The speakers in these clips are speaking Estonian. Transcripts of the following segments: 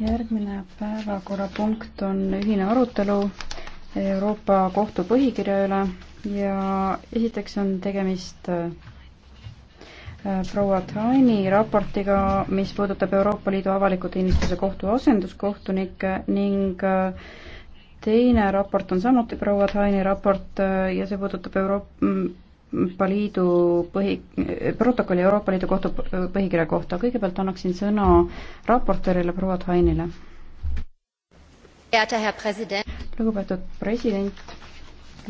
järgmine päevakorrapunkt on ühine arutelu Euroopa Kohtu põhikirja üle ja esiteks on tegemist äh, proua Taini raportiga, mis puudutab Euroopa Liidu avaliku teenistuse kohtu asenduskohtunikke ning äh, teine raport on samuti proua Taini raport äh, ja see puudutab Euroopa Euroopa Liidu põhi, protokolli Euroopa Liidu kohtu põhikirja kohta. kõigepealt annaksin sõna raportöörile proua Thainile. lugupeetud president,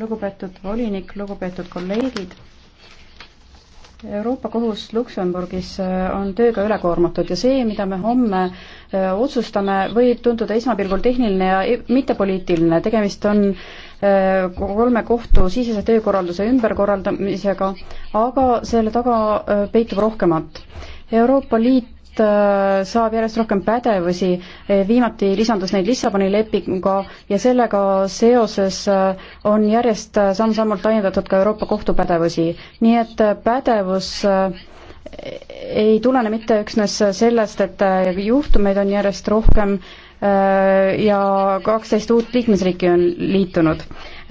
lugupeetud volinik, lugupeetud kolleegid. Euroopa Kohus Luksemburgis äh, on tööga üle koormatud ja see, mida me homme äh, otsustame, võib tunduda esmapilgul tehniline ja mittepoliitiline, tegemist on äh, Äh, kolme kohtu sisese töökorralduse ümberkorraldamisega, aga selle taga äh, peitub rohkemat. Euroopa Liit äh, saab järjest rohkem pädevusi, viimati lisandus neid Lissaboni lepinguga ja sellega seoses on järjest samm-sammult laiendatud ka Euroopa Kohtu pädevusi. nii et pädevus ei tulene mitte üksnes sellest, et juhtumeid on järjest rohkem, Äh, ja kaksteist uut liikmesriiki on liitunud.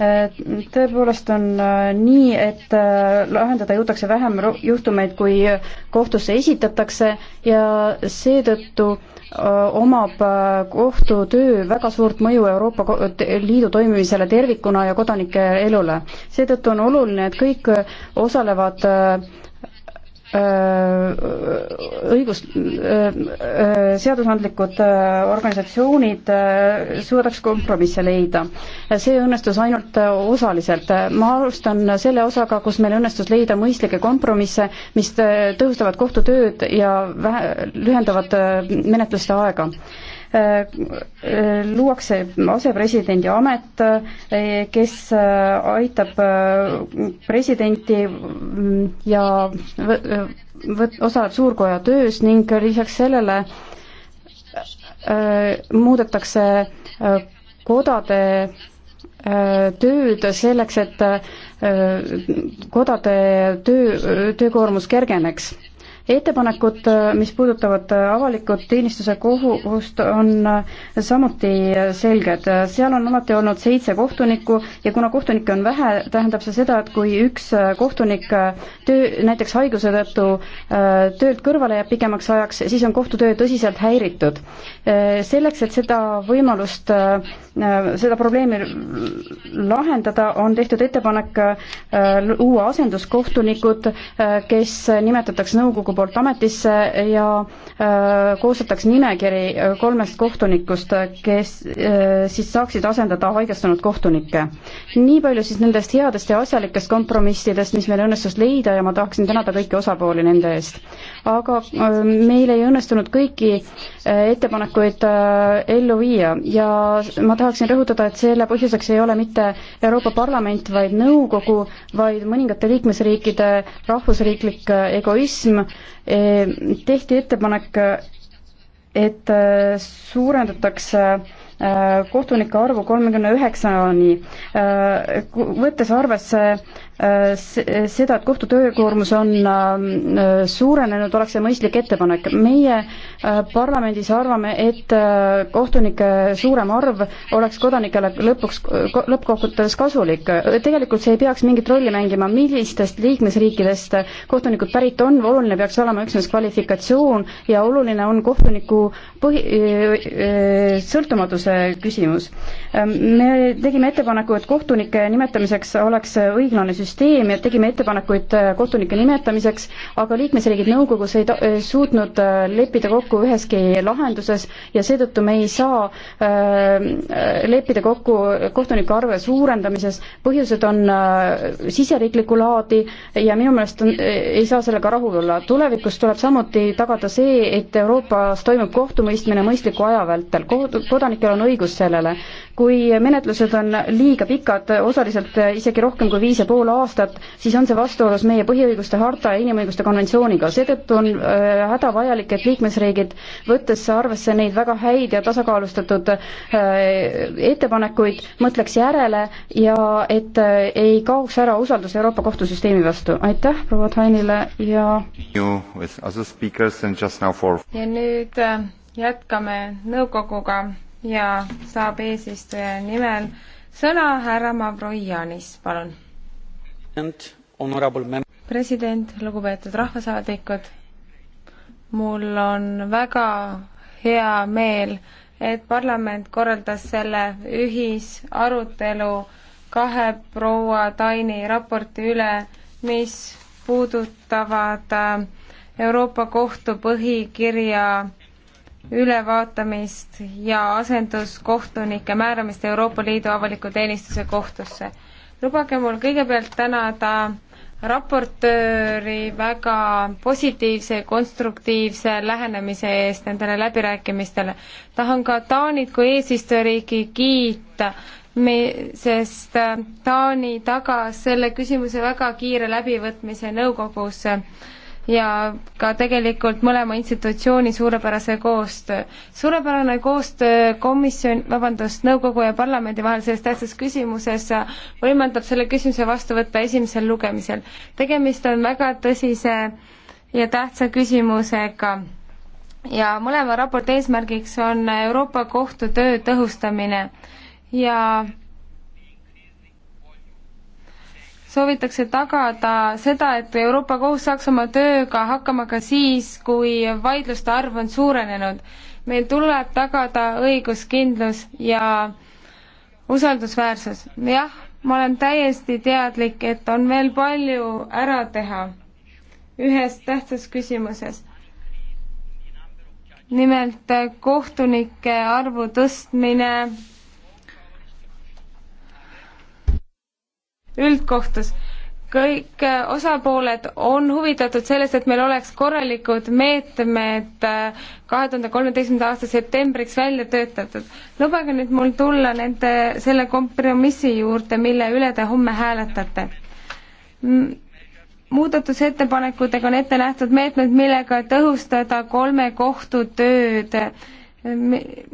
Äh, tõepoolest on äh, nii, et lahendada jõutakse vähem juhtumeid, kui kohtusse esitatakse ja seetõttu omab kohtutöö väga suurt mõju Euroopa Liidu toimimisele tervikuna ja kodanike elule. seetõttu on oluline, et kõik osalevad Äh, äh, õigus, äh, seadusandlikud organisatsioonid suudaks kompromisse leida. see õnnestus ainult osaliselt. ma alustan selle osaga, kus meil õnnestus leida mõistlikke kompromisse, mis tõhustavad kohtutööd ja vähe, lühendavad menetluste aega Äh, äh, luuakse asepresidendi amet, äh, kes aitab presidenti mm, ja võt-, osaleb Suurkoja töös ning lisaks sellele muudetakse kodade tööd selleks, et kodade töö, töökoormus kergeneks ettepanekud, mis puudutavad avaliku teenistuse kohust, on samuti selged. seal on alati olnud seitse kohtunikku ja kuna kohtunikke on vähe, tähendab see seda, et kui üks kohtunik töö, näiteks haiguse tõttu äh, töölt kõrvale jääb pikemaks ajaks, siis on kohtutöö tõsiselt häiritud. Äh, selleks, et seda võimalust, äh, seda probleemi lahendada, on tehtud ettepanek luua asenduskohtunikud, kes nimetatakse nõukogu poolt ametisse ja äh, koostatakse nimekiri äh, kolmest kohtunikust, kes äh, siis saaksid asendada haigestunud kohtunikke. nii palju siis nendest headest ja asjalikest kompromissidest, mis meil õnnestus leida ja ma tahaksin tänada kõiki osapooli nende eest. aga meil ei õnnestunud kõiki ettepanekuid ellu viia ja ma tahaksin rõhutada, et selle põhjuseks ei ole mitte Euroopa Parlament, vaid nõukogu, vaid mõningate liikmesriikide rahvusriiklik egoism, Ehm, tehti ettepanek, et äh, suurendatakse äh, kohtunike arvu kolmekümne üheksani, äh, võttes arvesse seda, et kohtu töökoormus on ähm, suurenenud, oleks see mõistlik ettepanek. meie äh, parlamendis arvame, et äh, kohtunike suurem arv oleks kodanikele lõpuks, lõppkokkuvõttes kasulik. tegelikult see ei peaks mingit rolli mängima, millistest liikmesriikidest kohtunikud pärit on, oluline peaks olema üksnes kvalifikatsioon ja oluline on kohtuniku põhi, äh, sõltumatuse küsimus. me tegime ettepaneku, et kohtunike nimetamiseks oleks õiglane süsteem, süsteem ja tegime ettepanekuid äh, kohtunike nimetamiseks, aga liikmesriigid nõukogus ei, ta, ei äh, suutnud äh, leppida kokku üheski lahenduses ja seetõttu me ei saa äh, leppida kokku kohtunike arve suurendamises. põhjused on äh, siseriiklikku laadi ja minu meelest on, äh, ei saa sellega rahul olla. tulevikus tuleb samuti tagada see, et Euroopas toimub kohtumõistmine mõistliku aja vältel. kodanikel on õigus sellele kui menetlused on liiga pikad, osaliselt isegi rohkem kui viis ja pool aastat, siis on see vastuolus meie põhiõiguste harta ja inimõiguste konventsiooniga. seetõttu on äh, hädavajalik, et liikmesriigid, võttes arvesse neid väga häid ja tasakaalustatud äh, ettepanekuid, mõtleks järele ja et äh, ei kaoks ära usaldus Euroopa kohtusüsteemi vastu. aitäh proua Tainile ja ja nüüd jätkame nõukoguga ja saab eesistuja nimel sõna härra Mavroianis, palun. president, lugupeetud rahvasaadikud, mul on väga hea meel, et parlament korraldas selle ühisarutelu kahe proua Taini raporti üle, mis puudutavad äh, Euroopa Kohtu põhikirja ülevaatamist ja asenduskohtunike määramist Euroopa Liidu avaliku teenistuse kohtusse. lubage mul kõigepealt tänada raportööri väga positiivse ja konstruktiivse lähenemise eest nendele läbirääkimistele. tahan ka Taanit kui eesistujariiki kiita, me, sest Taani tagas selle küsimuse väga kiire läbivõtmise nõukogus äh, ja ka tegelikult mõlema institutsiooni suurepärase koostöö. suurepärane koostöö komisjon, vabandust, nõukogu ja parlamendi vahel selles tähtsas küsimuses võimaldab selle küsimuse vastu võtta esimesel lugemisel. tegemist on väga tõsise ja tähtsa küsimusega ja mõlema raporti eesmärgiks on Euroopa Kohtu töö tõhustamine ja soovitakse tagada seda, et Euroopa Kohus saaks oma tööga hakkama ka siis, kui vaidluste arv on suurenenud. meil tuleb tagada õiguskindlus ja usaldusväärsus. jah, ma olen täiesti teadlik, et on veel palju ära teha ühes tähtsas küsimuses. nimelt kohtunike arvu tõstmine üldkohtus. kõik äh, osapooled on huvitatud sellest, et meil oleks korralikud meetmed äh, kahe tuhande kolmeteistkümnenda aasta septembriks välja töötatud. lubage nüüd mul tulla nende, selle kompromissi juurde, mille üle te homme hääletate muudatusettepanekutega on ette nähtud meetmed, millega tõhustada kolme kohtu tööd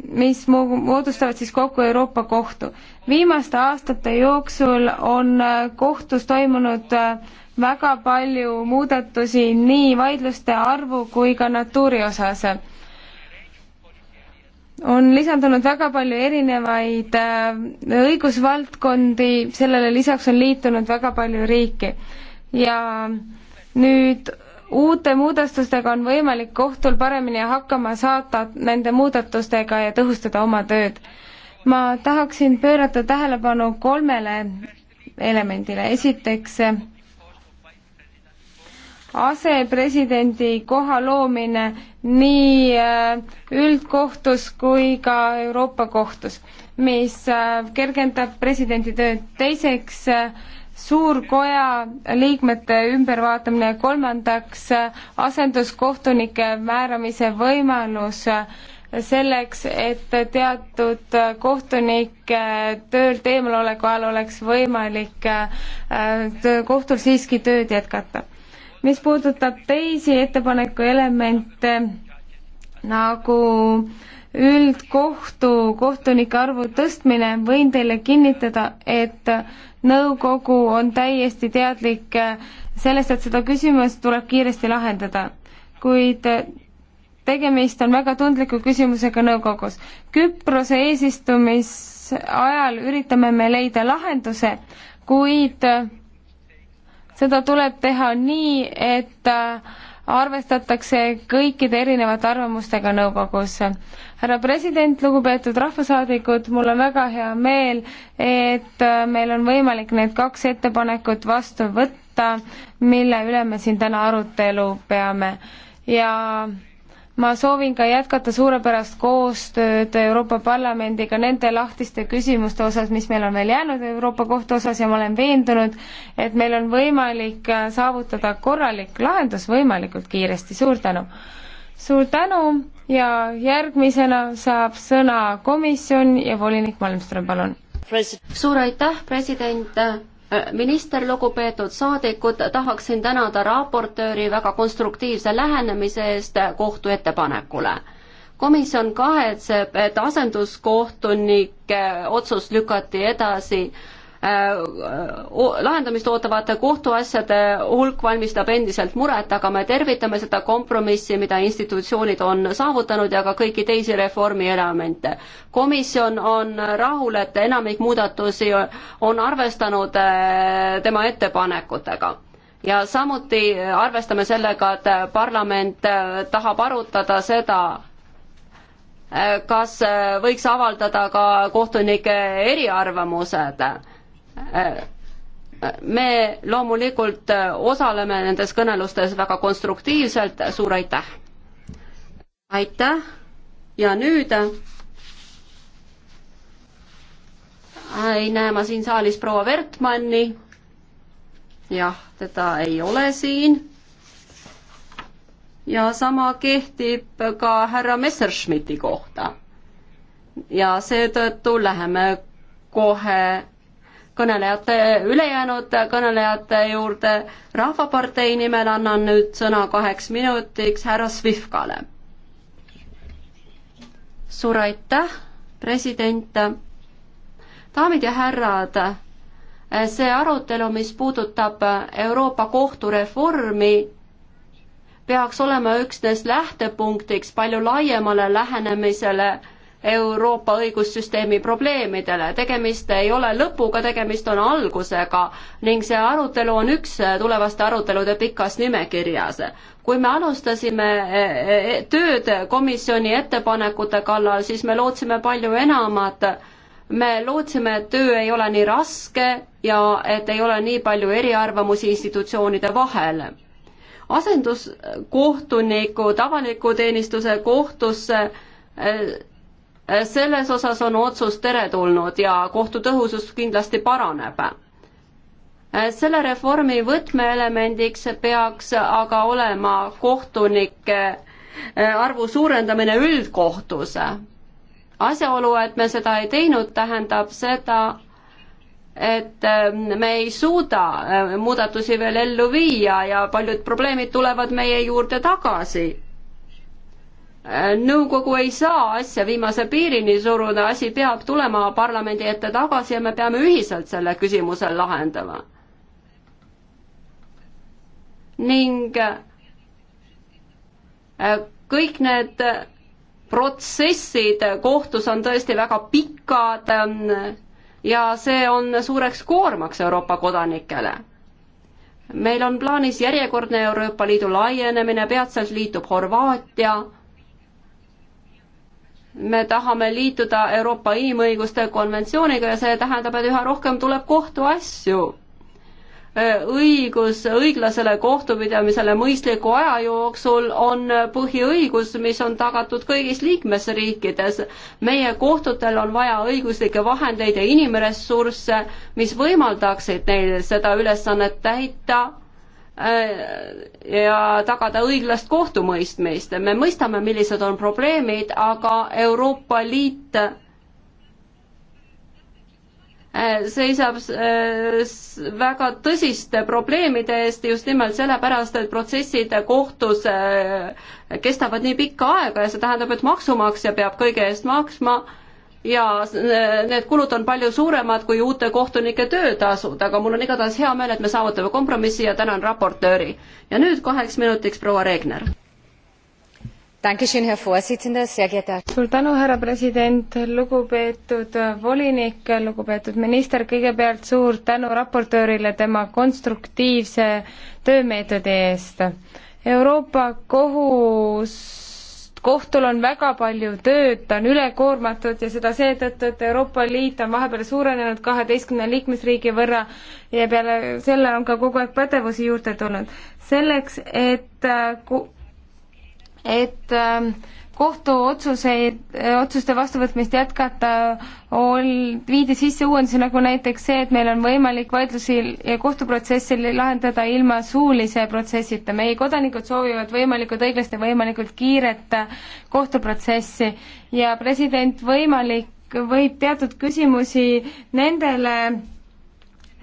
mis moodustavad siis kokku Euroopa Kohtu. viimaste aastate jooksul on äh, kohtus toimunud äh, väga palju muudatusi nii vaidluste arvu kui ka natuuri osas. on lisandunud väga palju erinevaid äh, õigusvaldkondi, sellele lisaks on liitunud väga palju riiki ja nüüd uute muudatustega on võimalik kohtul paremini hakkama saada nende muudatustega ja tõhustada oma tööd. ma tahaksin pöörata tähelepanu kolmele elemendile, esiteks asepresidendi koha loomine nii äh, üldkohtus kui ka Euroopa kohtus, mis äh, kergendab presidendi tööd. teiseks äh, suurkoja liikmete ümbervaatamine, kolmandaks asenduskohtunike määramise võimalus selleks, et teatud kohtunike töölt eemaloleku ajal oleks võimalik äh, kohtul siiski tööd jätkata. mis puudutab teisi ettepaneku elemente nagu üldkohtu kohtunike arvu tõstmine, võin teile kinnitada, et nõukogu on täiesti teadlik äh, sellest, et seda küsimust tuleb kiiresti lahendada, kuid äh, tegemist on väga tundliku küsimusega nõukogus. Küprose eesistumisajal üritame me leida lahenduse, kuid äh, seda tuleb teha nii, et äh, arvestatakse kõikide erinevate arvamustega nõukogus. härra president, lugupeetud rahvasaadikud, mul on väga hea meel, et äh, meil on võimalik need kaks ettepanekut vastu võtta, mille üle me siin täna arutelu peame ja ma soovin ka jätkata suurepärast koostööd Euroopa Parlamendiga nende lahtiste küsimuste osas, mis meil on veel jäänud Euroopa Kohtu osas ja ma olen veendunud, et meil on võimalik saavutada korralik lahendus võimalikult kiiresti, suur tänu! suur tänu ja järgmisena saab sõna komisjon ja volinik Malmström, palun! suur aitäh, president! minister, lugupeetud saadikud, tahaksin tänada raportööri väga konstruktiivse lähenemise eest kohtu ettepanekule. komisjon kahetseb, et asenduskohtunike otsus lükati edasi Äh, lahendamist ootavate kohtuasjade hulk valmistab endiselt muret, aga me tervitame seda kompromissi, mida institutsioonid on saavutanud ja ka kõiki teisi reformi elemente. komisjon on rahul, et enamik muudatusi on arvestanud äh, tema ettepanekutega ja samuti arvestame sellega, et parlament äh, tahab arutada seda, kas võiks avaldada ka kohtunike eriarvamused me loomulikult äh, osaleme nendes kõnelustes väga konstruktiivselt, suur aitäh! aitäh ja nüüd äh, ei näe ma siin saalis proua Wertmanni. jah, teda ei ole siin. ja sama kehtib ka härra Messerschmitti kohta. ja seetõttu läheme kohe kõnelejate, ülejäänud kõnelejate juurde. rahvapartei nimel annan nüüd sõna kaheks minutiks härra Svifkale. suur aitäh, president. daamid ja härrad, see arutelu, mis puudutab Euroopa kohtureformi, peaks olema üksnes lähtepunktiks palju laiemale lähenemisele Euroopa õigussüsteemi probleemidele. tegemist ei ole lõpuga, tegemist on algusega ning see arutelu on üks tulevaste arutelude pikas nimekirjas. kui me alustasime e, e, e, tööd komisjoni ettepanekute kallal, siis me lootsime palju enamat. me lootsime, et töö ei ole nii raske ja et ei ole nii palju eriarvamusi institutsioonide vahel asenduskohtunikud avaliku teenistuse kohtusse selles osas on otsus teretulnud ja kohtu tõhusus kindlasti paraneb. selle reformi võtmeelemendiks peaks aga olema kohtunike eh, arvu suurendamine üldkohtus. asjaolu, et me seda ei teinud, tähendab seda, et eh, me ei suuda eh, muudatusi veel ellu viia ja paljud probleemid tulevad meie juurde tagasi Äh, nõukogu ei saa asja viimase piirini suruda, asi peab tulema parlamendi ette tagasi ja me peame ühiselt selle küsimuse lahendama. ning äh, kõik need protsessid kohtus on tõesti väga pikad ähm, ja see on suureks koormaks Euroopa kodanikele meil on plaanis järjekordne Euroopa Liidu laienemine, peatselt liitub Horvaatia me tahame liituda Euroopa Inimõiguste Konventsiooniga ja see tähendab, et üha rohkem tuleb kohtuasju. õigus õiglasele kohtupidamisele mõistliku aja jooksul on põhiõigus, mis on tagatud kõigis liikmesriikides. meie kohtutel on vaja õiguslikke vahendeid ja inimressursse, mis võimaldaksid neil seda ülesannet täita Äh, ja tagada õiglast kohtumõistmist. me mõistame, millised on probleemid, aga Euroopa Liit äh, seisab äh, väga tõsiste probleemide eest just nimelt sellepärast, et protsessid kohtus kestavad nii pikka aega ja see tähendab, et maksumaksja peab kõige eest maksma ja need kulud on palju suuremad kui uute kohtunike töötasud, aga mul on igatahes hea meel, et me saavutame kompromissi ja tänan raportööri. ja nüüd kaheks minutiks proua Regner. suur tänu, härra president, lugupeetud volinik, lugupeetud minister, kõigepealt suur tänu raportöörile tema konstruktiivse töömeetodi eest. Euroopa Kohus kohtul on väga palju tööd, ta on ülekoormatud ja seda seetõttu, et Euroopa Liit on vahepeal suurenenud kaheteistkümne liikmesriigi võrra ja peale selle on ka kogu aeg pädevusi juurde tulnud. selleks, et, äh, et ähm, kohtuotsuseid, otsuste vastuvõtmist jätkata, ol-, viidi sisse uuendusi, nagu näiteks see, et meil on võimalik vaidlusi ja kohtuprotsessi lahendada ilma suulise protsessita. meie kodanikud soovivad võimalikult õiglast ja võimalikult kiiret äh, kohtuprotsessi ja president võimalik, võib teatud küsimusi nendele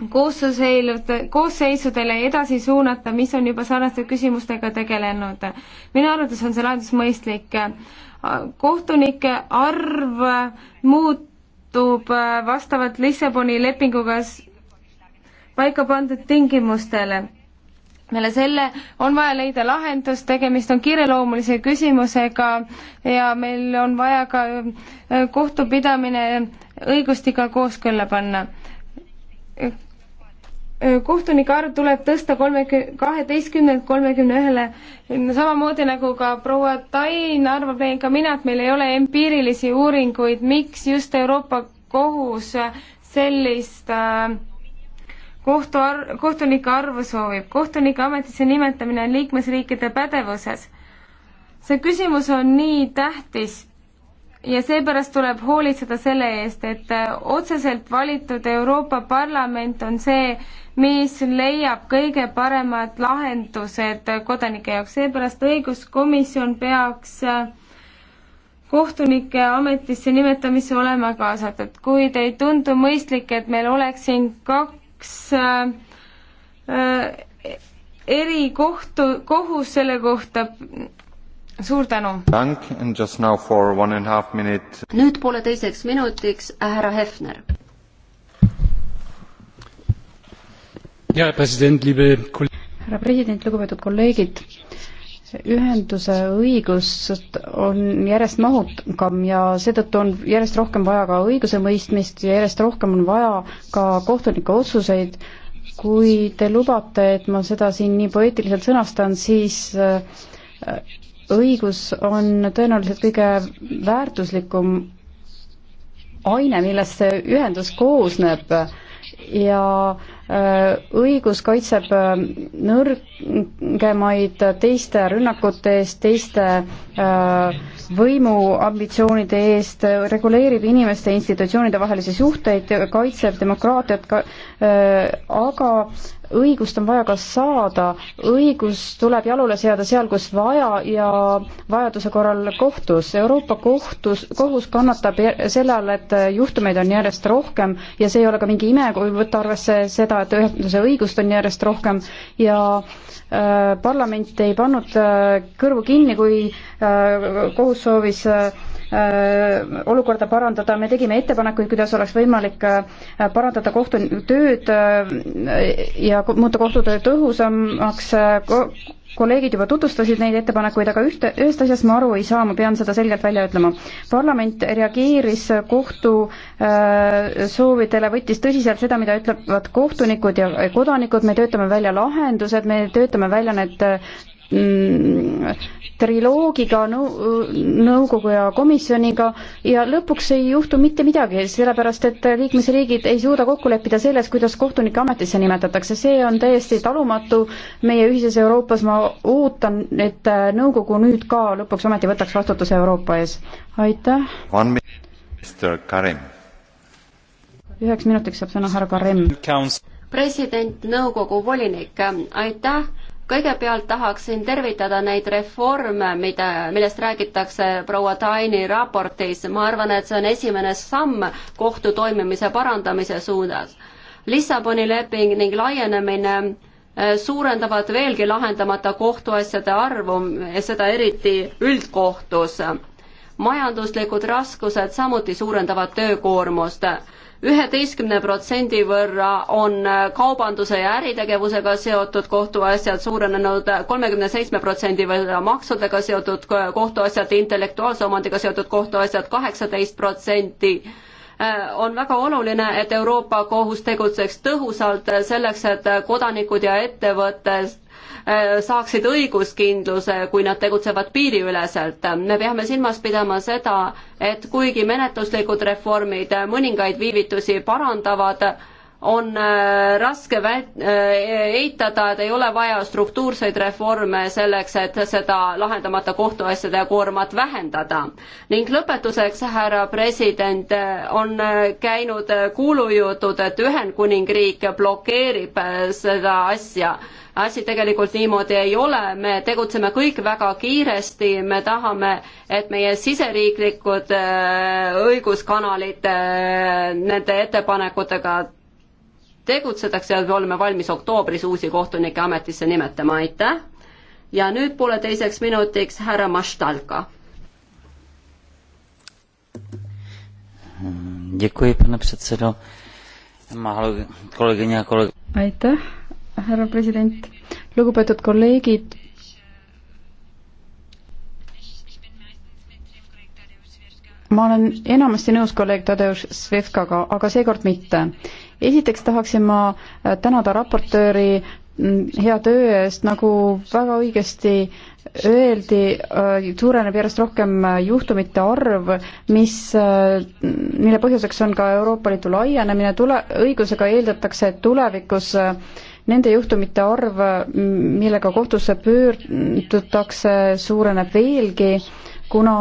koosseisudele, koosseisudele edasi suunata, mis on juba sarnaste küsimustega tegelenud. minu arvates on see lahendus mõistlik. kohtunike arv muutub vastavalt Lissaboni lepinguga paika pandud tingimustele peale selle on vaja leida lahendus, tegemist on kiireloomulise küsimusega ja meil on vaja ka eh, kohtupidamine õigustiga kooskõlla panna kohtunike arv tuleb tõsta kolmekümne, kaheteistkümnelt kolmekümne ühele. samamoodi nagu ka proua Tain arvab ka mina, et meil ei ole empiirilisi uuringuid, miks just Euroopa Kohus sellist kohtu ar-, kohtunike arvu soovib. kohtunike ametisse nimetamine on liikmesriikide pädevuses. see küsimus on nii tähtis ja seepärast tuleb hoolitseda selle eest, et äh, otseselt valitud Euroopa Parlament on see, mis leiab kõige paremad lahendused kodanike jaoks, seepärast õiguskomisjon peaks äh, kohtunike ametisse nimetamisse olema kaasatud, kuid ei tundu mõistlik, et meil oleks siin kaks äh, äh erikohtu, kohus selle kohta suur tänu. nüüd pooleteiseks minutiks härra Hefner. härra president, lugupeetud kolleegid ühenduse õigust on järjest mahukam ja seetõttu on järjest rohkem vaja ka õigusemõistmist ja järjest rohkem on vaja ka kohtunike otsuseid. kui te lubate, et ma seda siin nii poeetiliselt sõnastan, siis äh, õigus on tõenäoliselt kõige väärtuslikum aine, millest see ühendus koosneb ja äh, õigus kaitseb äh, nõrgemaid teiste rünnakute eest, teiste äh, võimuambitsioonide eest, reguleerib inimeste ja institutsioonide vahelisi suhteid, kaitseb demokraatiat ka,, aga õigust on vaja ka saada, õigus tuleb jalule seada seal, kus vaja ja vajaduse korral kohtus. Euroopa kohtus, kohus kannatab selle all, et juhtumeid on järjest rohkem ja see ei ole ka mingi ime, kui võtta arvesse seda, et ühenduse õigust on järjest rohkem ja äh, parlament ei pannud äh, kõrvu kinni, kui äh, kohus soovis äh, Äh, olukorda parandada, me tegime ettepanekuid, kuidas oleks võimalik äh, parandada kohtu tööd äh, ja muuta kohtutöö tõhusamaks, kolleegid juba tutvustasid neid ettepanekuid, aga ühte, ühest asjast ma aru ei saa, ma pean seda selgelt välja ütlema. parlament reageeris kohtu äh, soovidele, võttis tõsiselt seda, mida ütlevad kohtunikud ja kodanikud, me töötame välja lahendused, me töötame välja need Mm, triloogiga nõu-, nõukogu ja komisjoniga ja lõpuks ei juhtu mitte midagi, sellepärast et liikmesriigid ei suuda kokku leppida selles, kuidas kohtunike ametisse nimetatakse, see on täiesti talumatu meie ühises Euroopas, ma ootan, et nõukogu nüüd ka lõpuks ometi võtaks vastutuse Euroopa ees. aitäh! üheks minutiks saab sõna härra Karem. president, nõukogu volinik, aitäh! kõigepealt tahaksin tervitada neid reforme, mida, millest räägitakse proua Taini raportis. ma arvan, et see on esimene samm kohtu toimimise parandamise suunas. Lissaboni leping ning laienemine eh, suurendavad veelgi lahendamata kohtuasjade arvu, seda eriti üldkohtus. majanduslikud raskused samuti suurendavad töökoormust üheteistkümne protsendi võrra on äh, kaubanduse ja äritegevusega seotud kohtuasjad suurenenud, kolmekümne seitsme protsendi võrra maksudega seotud kohtuasjad, intellektuaalse omandiga seotud kohtuasjad kaheksateist protsenti. Äh, on väga oluline, et Euroopa Kohus tegutseks tõhusalt selleks, et äh, kodanikud ja ettevõtted Äh, saaksid õiguskindluse, kui nad tegutsevad piiriüleselt. me peame silmas pidama seda, et kuigi menetluslikud reformid mõningaid viivitusi parandavad, on äh, raske äh, eitada, et ei ole vaja struktuurseid reforme selleks, et seda lahendamata kohtuasjade koormat vähendada. ning lõpetuseks, härra president, on äh, käinud kuulujutud, et Ühendkuningriik blokeerib seda asja asi tegelikult niimoodi ei ole, me tegutseme kõik väga kiiresti, me tahame, et meie siseriiklikud õiguskanalid nende ettepanekutega tegutsetakse ja me oleme valmis oktoobris uusi kohtunikke ametisse nimetama, aitäh. ja nüüd pooleteiseks minutiks härra Maštalka. aitäh, härra president, lugupeetud kolleegid ma olen enamasti nõus kolleeg Tadeusz Svevkaga, aga seekord mitte esiteks tahaksin ma äh, tänada raportööri mm, hea töö eest, nagu väga õigesti öeldi, äh, suureneb järjest rohkem äh, juhtumite arv, mis, mille põhjuseks on ka Euroopa Liidu laienemine, tule, õigusega eeldatakse, et tulevikus nende juhtumite arv, millega kohtusse pöördutakse, suureneb veelgi kuna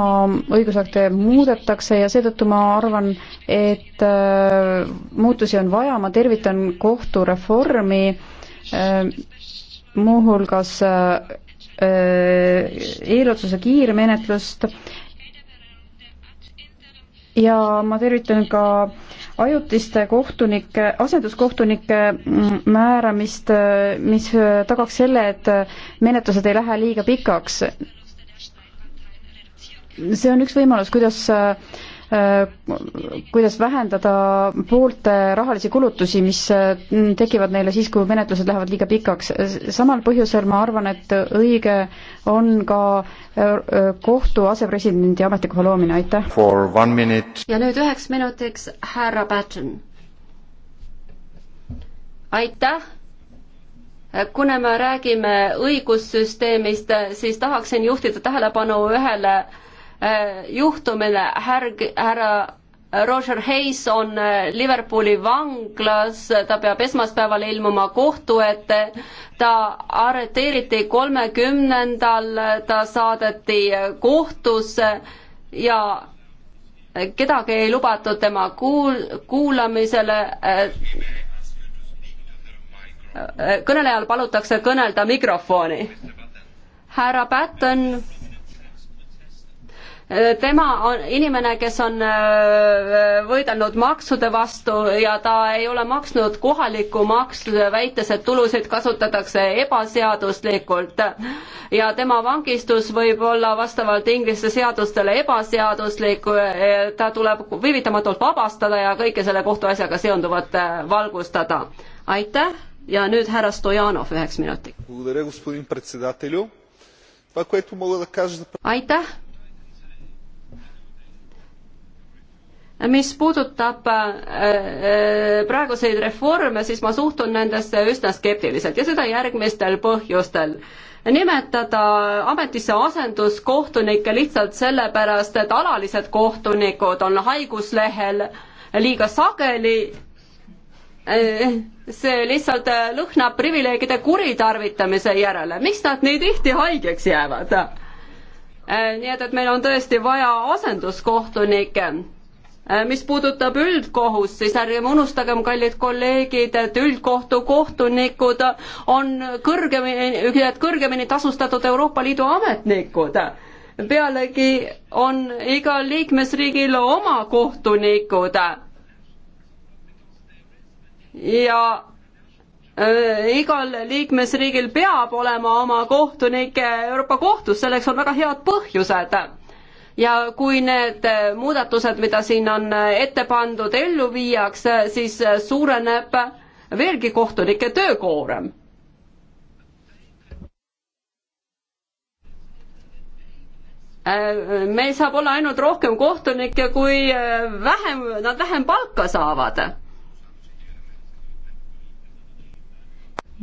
õigusakte muudetakse ja seetõttu ma arvan, et äh, muutusi on vaja, ma tervitan kohtureformi, äh, muuhulgas äh, eelotsuse kiirmenetlust ja ma tervitan ka ajutiste kohtunike, asenduskohtunike mm, määramist, mis tagaks selle, et menetlused ei lähe liiga pikaks see on üks võimalus, kuidas kuidas vähendada poolte rahalisi kulutusi, mis tekivad neile siis, kui menetlused lähevad liiga pikaks. samal põhjusel ma arvan, et õige on ka kohtu asepresidendi ametikoha loomine, aitäh. ja nüüd üheks minutiks härra Patten. aitäh kuna me räägime õigussüsteemist, siis tahaksin juhtida tähelepanu ühele Äh, juhtumile, härg-, härra Roger Hayes on äh, Liverpooli vanglas, ta peab esmaspäeval ilmuma kohtu ette, ta arreteeriti kolmekümnendal, ta saadeti äh, kohtusse ja kedagi ei lubatud tema kuul-, kuulamisele. kõnelejal palutakse kõnelda mikrofoni. härra Patten tema on inimene, kes on äh, võidelnud maksude vastu ja ta ei ole maksnud kohalikku maksu, väites, et tulusid kasutatakse ebaseaduslikult. ja tema vangistus võib olla vastavalt Inglise seadustele ebaseaduslik, äh, ta tuleb viivitamatult vabastada ja kõike selle kohtuasjaga seonduvat äh, valgustada. aitäh ja nüüd härra Stojanov üheks minutiks. aitäh mis puudutab äh, äh, praeguseid reforme, siis ma suhtun nendesse üsna skeptiliselt ja seda järgmistel põhjustel. nimetada ametisse asenduskohtunikke lihtsalt sellepärast, et alalised kohtunikud on haiguslehel liiga sageli, äh, see lihtsalt lõhnab privileegide kuritarvitamise järele, miks nad nii tihti haigeks jäävad? nii et, et meil on tõesti vaja asenduskohtunikke Äh, mis puudutab üldkohust, siis ärgem unustagem, kallid kolleegid, et üldkohtu kohtunikud on kõrgemini, kõrgemini tasustatud Euroopa Liidu ametnikud. pealegi on igal liikmesriigil oma kohtunikud. ja äh, igal liikmesriigil peab olema oma kohtunik Euroopa Kohtus, selleks on väga head põhjused ja kui need äh, muudatused, mida siin on äh, ette pandud, ellu viiakse, siis äh, suureneb veelgi kohtunike töökoorem. meil saab olla ainult rohkem kohtunikke, kui vähem, nad vähem palka saavad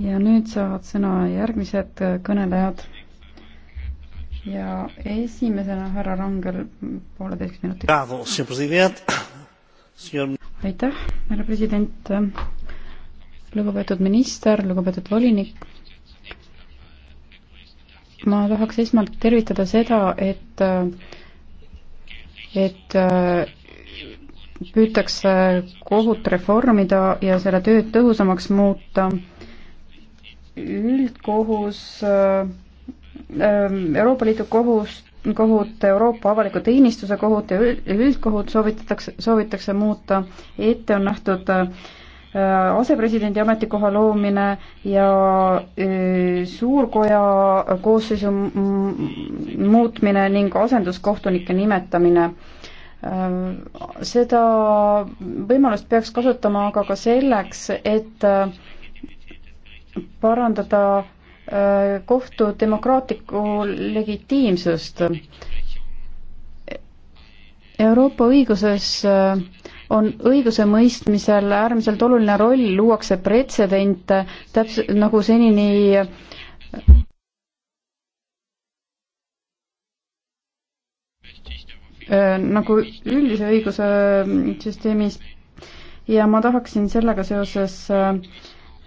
ja nüüd saavad sõna järgmised kõnelejad ja esimesena härra Rangel pooleteiseks minutiks. aitäh, härra president, lugupeetud minister, lugupeetud volinik. ma tahaks esmalt tervitada seda, et, et püütakse kohut reformida ja selle tööd tõhusamaks muuta. üldkohus äh, Ehm, Euroopa Liidu kohust kohut, Euroopa avaliku teenistuse kohut ja üldkohut soovitatakse, soovitakse muuta, ette on nähtud äh, asepresidendi ametikoha loomine ja äh, suurkoja koosseisu muutmine ning asenduskohtunike nimetamine. Äh, seda võimalust peaks kasutama aga ka selleks, et parandada kohtu demokraatlikku legitiimsust. Euroopa õiguses äh, on õigusemõistmisel äärmiselt oluline roll, luuakse pretsedente, täpselt nagu senini äh, nagu üldise õiguse äh, süsteemis ja ma tahaksin sellega seoses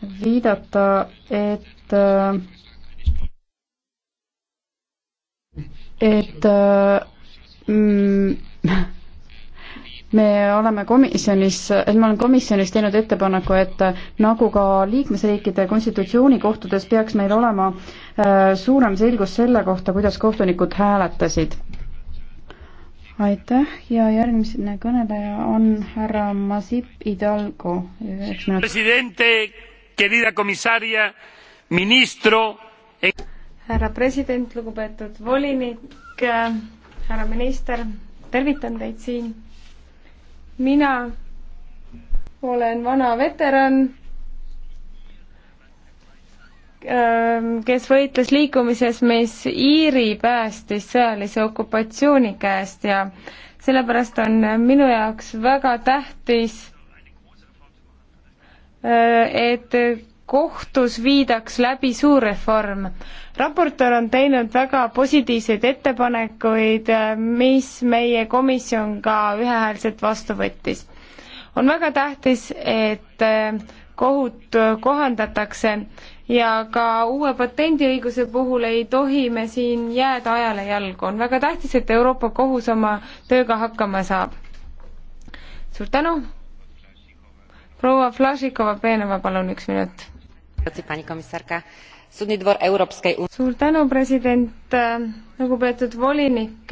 viidata, et et äh, et äh, mm, me oleme komisjonis, et ma olen komisjonis teinud ettepaneku, et nagu ka liikmesriikide konstitutsioonikohtades peaks meil olema äh, suurem selgus selle kohta, kuidas kohtunikud hääletasid. aitäh ja järgmine kõneleja on härra Masip Hidalgo. presidente, querida komisaria ministro e- härra president, lugupeetud volinik, härra minister, tervitan teid siin. mina olen vana veteran, ähm, kes võitles liikumises, mis Iiri päästis sõjalise okupatsiooni käest ja sellepärast on minu jaoks väga tähtis, äh, et kohtus viidaks läbi suur reform. raportöör on teinud väga positiivseid ettepanekuid, mis meie komisjon ka ühehäälselt vastu võttis. on väga tähtis, et äh, kohut kohandatakse ja ka uue patendiõiguse puhul ei tohi me siin jääda ajale jalgu. on väga tähtis, et Euroopa Kohus oma tööga hakkama saab. suur tänu! proua Flašikova-Peenova, palun üks minut súdny dvor Európskej únie. suur tänu, president, äh, lugupeetud volinik.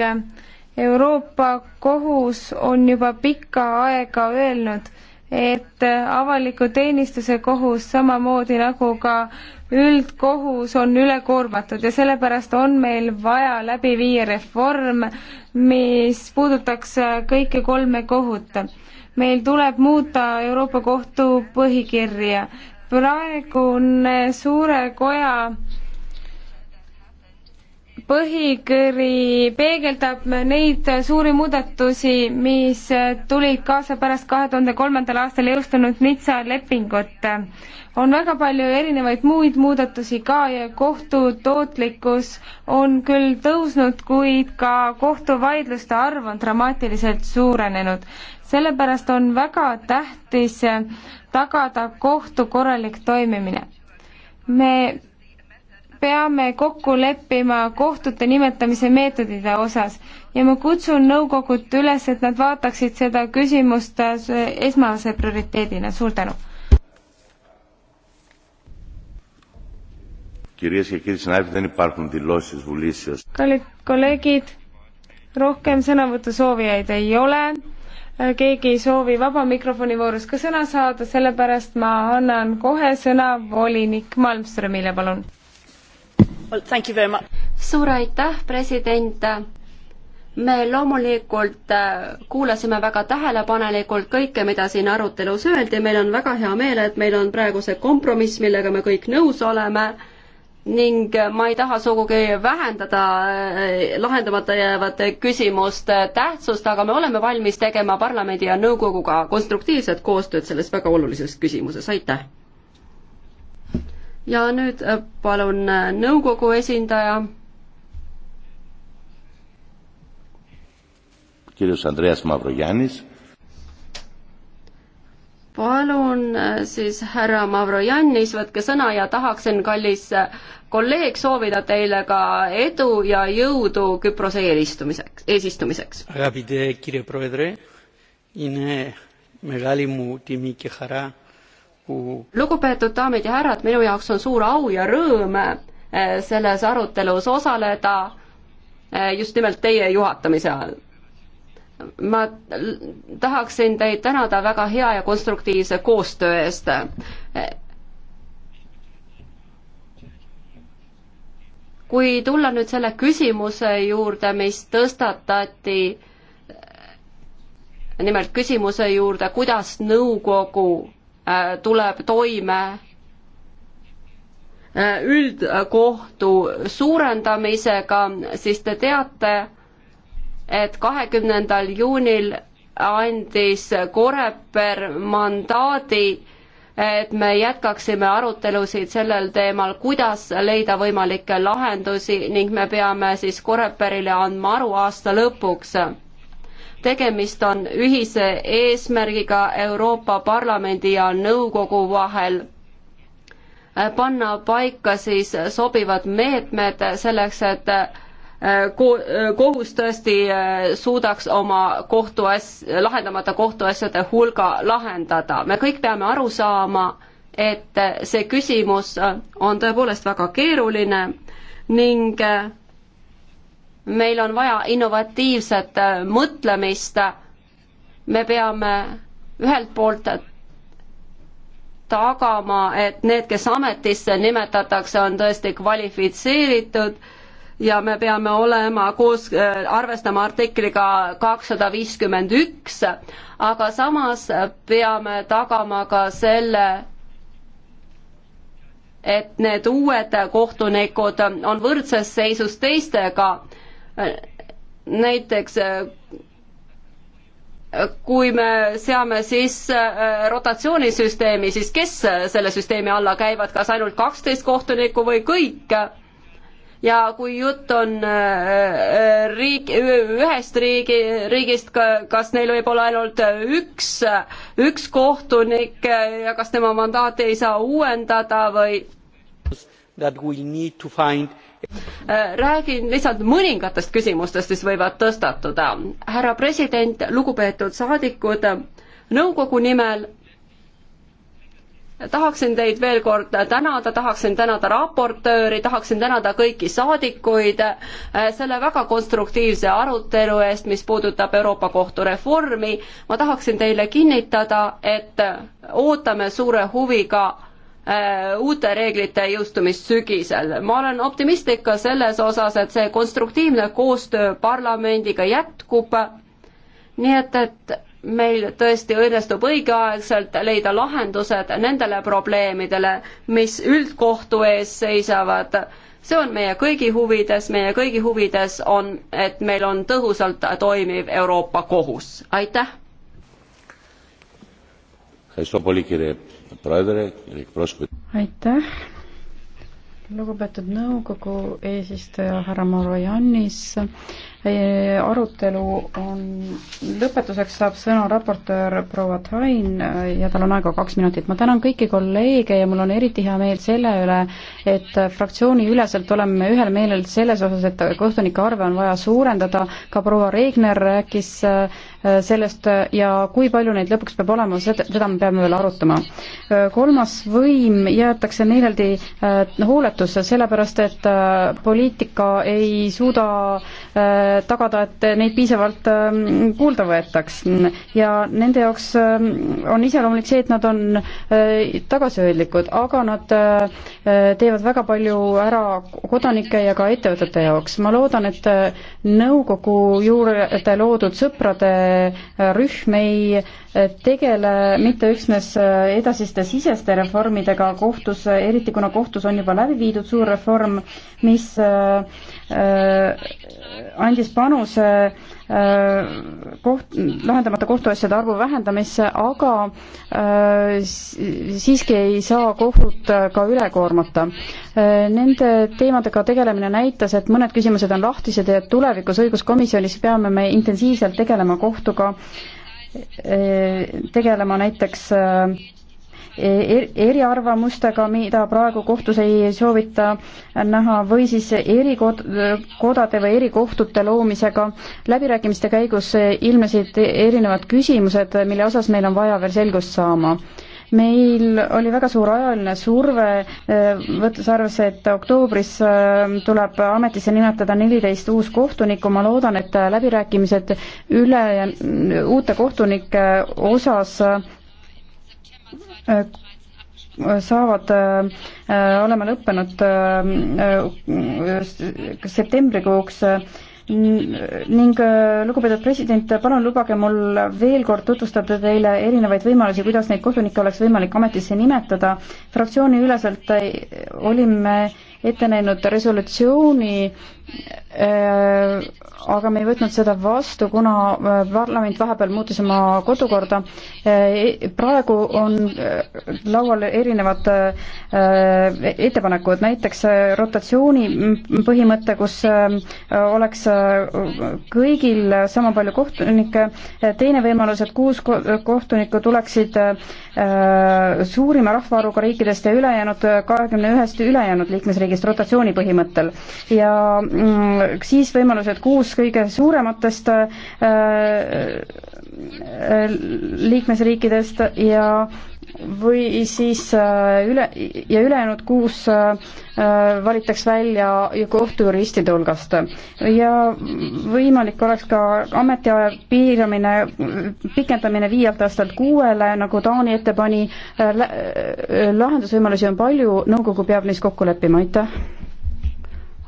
Euroopa Kohus on juba pikka aega öelnud, et avaliku teenistuse kohus samamoodi nagu ka üldkohus on ülekoormatud ja sellepärast on meil vaja läbi viia reform, mis puudutaks kõike kolme kohut. meil tuleb muuta Euroopa Kohtu põhikirja, praegune suure koja põhikõri peegeldab neid suuri muudatusi, mis tulid kaasa pärast kahe tuhande kolmandal aastal jõustunud Nitsa lepingut. on väga palju erinevaid muid muudatusi ka ja kohtu tootlikkus on küll tõusnud, kuid ka kohtuvaidluste arv on dramaatiliselt suurenenud sellepärast on väga tähtis tagada kohtu korralik toimimine. me peame kokku leppima kohtute nimetamise meetodite osas ja ma kutsun nõukogud üles, et nad vaataksid seda küsimust esmase prioriteedina, suur tänu. kallid kolleegid, rohkem sõnavõtusoovijaid ei ole keegi ei soovi vaba mikrofoni voorus ka sõna saada, sellepärast ma annan kohe sõna volinik Malmströmile, palun well,. suur aitäh, president me loomulikult äh, kuulasime väga tähelepanelikult kõike, mida siin arutelus öeldi, meil on väga hea meel, et meil on praegu see kompromiss, millega me kõik nõus oleme ning ma ei taha sugugi vähendada eh, lahendamata jäävate küsimuste eh, tähtsust, aga me oleme valmis tegema parlamendi ja nõukoguga konstruktiivset koostööd selles väga olulises küsimuses, aitäh! ja nüüd eh, palun nõukogu esindaja. kirjus Andreas Mavrojanis palun äh, siis härra Mavrojannis, võtke sõna ja tahaksin, kallis äh, kolleeg, soovida teile ka edu ja jõudu Küprose eelistumiseks, eesistumiseks. lugupeetud daamid ja härrad, minu jaoks on suur au ja rõõm äh, selles arutelus osaleda just nimelt teie juhatamise all ma tahaksin teid tänada väga hea ja konstruktiivse koostöö eest. kui tulla nüüd selle küsimuse juurde, mis tõstatati, nimelt küsimuse juurde, kuidas nõukogu äh, tuleb toime äh, üldkohtu suurendamisega, siis te teate, et kahekümnendal juunil andis Koreper mandaadi, et me jätkaksime arutelusid sellel teemal, kuidas leida võimalikke lahendusi ning me peame siis Koreperile andma aru aasta lõpuks. tegemist on ühise eesmärgiga Euroopa Parlamendi ja Nõukogu vahel panna paika siis sobivad meetmed selleks, et Äh, äh, kohus tõesti äh, suudaks oma kohtuas-, lahendamata kohtuasjade hulga lahendada. me kõik peame aru saama, et see küsimus on tõepoolest väga keeruline ning meil on vaja innovatiivset mõtlemist. me peame ühelt poolt tagama, et need, kes ametisse nimetatakse, on tõesti kvalifitseeritud ja me peame olema koos, äh, arvestama artikliga kakssada viiskümmend üks, aga samas peame tagama ka selle, et need uued kohtunikud on võrdses seisus teistega. näiteks äh, kui me seame sisse äh, rotatsioonisüsteemi, siis kes selle süsteemi alla käivad, kas ainult kaksteist kohtunikku või kõik? ja kui jutt on äh, äh, riik, ühest riigi, riigist, kas neil võib olla ainult üks, üks kohtunik äh, ja kas tema mandaati ei saa uuendada või? räägin lihtsalt mõningatest küsimustest, mis võivad tõstatuda. härra president, lugupeetud saadikud, nõukogu nimel tahaksin teid veel kord tänada, tahaksin tänada raportööri, tahaksin tänada kõiki saadikuid äh, selle väga konstruktiivse arutelu eest, mis puudutab Euroopa Kohtu reformi. ma tahaksin teile kinnitada, et ootame suure huviga äh, uute reeglite jõustumist sügisel. ma olen optimistlik ka selles osas, et see konstruktiivne koostöö parlamendiga jätkub. nii et, et meil tõesti õnnestub õigeaegselt leida lahendused nendele probleemidele, mis üldkohtu ees seisavad. see on meie kõigi huvides, meie kõigi huvides on, et meil on tõhusalt toimiv Euroopa Kohus. aitäh! aitäh, lugupeetud nõukogu eesistuja härra Morojannis arutelu on, lõpetuseks saab sõna raportöör proua Tain äh, ja tal on aega kaks minutit. ma tänan kõiki kolleege ja mul on eriti hea meel selle üle, et fraktsiooniüleselt oleme ühel meelel selles osas, et kohtunike arve on vaja suurendada, ka proua Regner rääkis äh, sellest ja kui palju neid lõpuks peab olema, seda me peame veel arutama. Äh, kolmas võim jäetakse meeleldi hooletusse, sellepärast et poliitika ei suuda tagada, et neid piisavalt ähm, kuulda võetaks. ja nende jaoks ähm, on iseloomulik see, et nad on äh, tagasihoidlikud, aga nad äh, teevad väga palju ära kodanike ja ka ettevõtete jaoks. ma loodan, et äh, nõukogu juurde loodud sõprade rühm ei tegele mitte üksnes edasiste siseste reformidega kohtus, eriti kuna kohtus on juba läbi viidud suur reform, mis äh, Äh, andis panuse äh, koht, lahendamata kohtuasjade arvu vähendamisse, aga äh, siiski ei saa kohtut ka üle koormata. Nende teemadega tegelemine näitas, et mõned küsimused on lahtised ja tulevikus õiguskomisjonis peame me intensiivselt tegelema kohtuga, tegelema näiteks äh, er, eriarvamustega, mida praegu kohtus ei soovita näha, või siis erikodade või erikohtute loomisega. läbirääkimiste käigus ilmnesid erinevad küsimused, mille osas meil on vaja veel selgust saama meil oli väga suur ajaline surve, võttes arvesse, et oktoobris ähm, tuleb ametisse nimetada neliteist uus kohtunikku, ma loodan, et läbirääkimised üle, uute kohtunike osas Äh, saavad äh,, olema lõppenud äh, septembrikuuks äh, ning lugupeetud president, palun lubage mul veel kord tutvustada teile erinevaid võimalusi, kuidas neid kohtunikke oleks võimalik ametisse nimetada. fraktsiooniüleselt äh, olime ette näinud resolutsiooni Äh, aga me ei võtnud seda vastu, kuna äh, parlament vahepeal muutis oma kodukorda. Äh, e, praegu on laual erinevad ettepanekud, näiteks rotatsiooni põhimõte, kus oleks kõigil sama palju kohtunikke, teine võimalus, et kuus kohtunikku tuleksid suurima rahvaarvuga riikidest ja ülejäänud kahekümne ühest ülejäänud liikmesriigist rotatsiooni põhimõttel ja Mm, siis võimalused kuus kõige suurematest äh, äh, liikmesriikidest ja või siis äh, üle ja ülejäänud kuus valitaks välja kohtujuristide hulgast ja võimalik oleks ka ametiaja piiramine, pikendamine viielt aastalt kuuele, nagu Taani ette pani. lahendusvõimalusi on palju, nõukogu peab neis kokku leppima, aitäh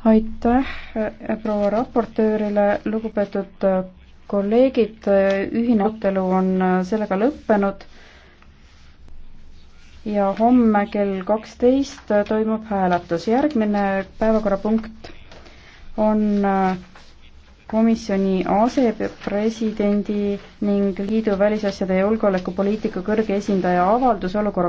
aitäh äh, proua raportöörile, lugupeetud äh, kolleegid, äh, ühine arutelu on sellega lõppenud ja homme kell kaksteist toimub hääletus. järgmine päevakorrapunkt on komisjoni asepresidendi ning liidu välisasjade ja julgeolekupoliitika kõrge esindaja avaldus olukorra